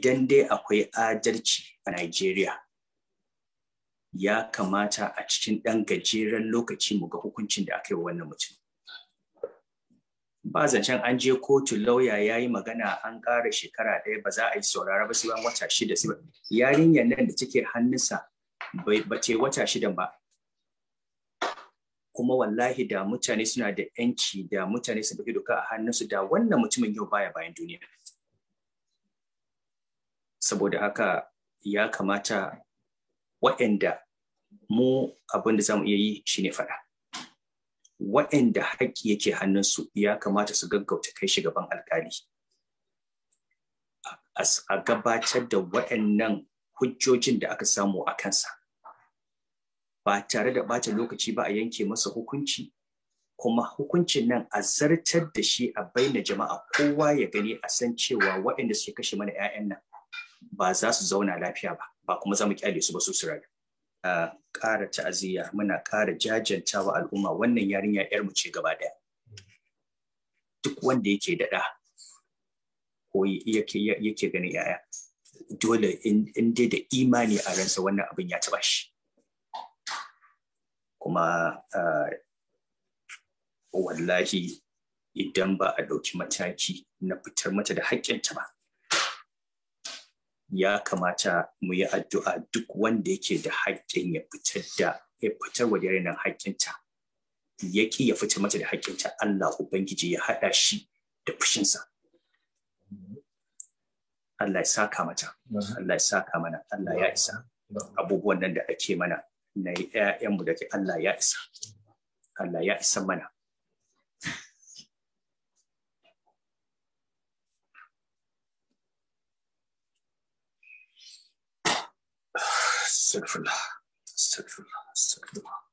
idan dai akwai adalci a Najeriya ya kamata a cikin ɗan gajeren lokaci mu ga hukuncin da aka yi wannan mutum. Ba zancen an je kotu lauya ya yi magana an ƙara shekara ɗaya ba za a yi saurara ba sai wata shida sai yarinyar nan da take hannunsa ba ce wata shida ba. Kuma wallahi da mutane suna da ‘yanci da mutane su fi doka a hannunsu da wannan mutumin yau baya bayan duniya. saboda haka ya kamata waɗanda mu abin da zamu iya yi shine faɗa waɗanda haƙƙi yake hannunsu ya kamata su gaggauta kai shi gaban alƙali a gabatar da waɗannan hujjojin da aka samu a kansa ba tare da ɓata lokaci ba a yanke masa hukunci kuma hukuncin nan a zartar da shi a baina jama'a kowa ya gani a san cewa waɗanda suke kashe mana 'ya'yan nan ba za su zauna lafiya ba ba kuma za mu kyale su ba su sura a ƙara ta'aziyya muna ƙara jajantawa al'umma wannan yarinya yar mu ce gaba ɗaya duk wanda yake da ɗa ko yake ganin yaya dole in dai da imani a ransa wannan abin ya taɓa shi kuma wallahi idan ba a ɗauki mataki na fitar mata da haƙƙinta ba ya kamata mu yi addu'a duk wanda yake da haƙƙin ya fitar da ya fitar wa yarin nan haƙƙinta ya ƙi ya fitar mata da haƙƙinta Allah ubangiji ya haɗa shi da fushinsa Allah ya saka mata Allah ya saka mana Allah ya isa abubuwan nan da ake mana na ƴaƴanmu da Allah ya isa Allah ya isa mana Estağfurullah. Estağfurullah. Estağfurullah.